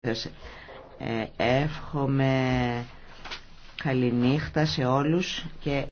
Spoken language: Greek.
Ε, εύχομαι καληνύχτα σε όλους και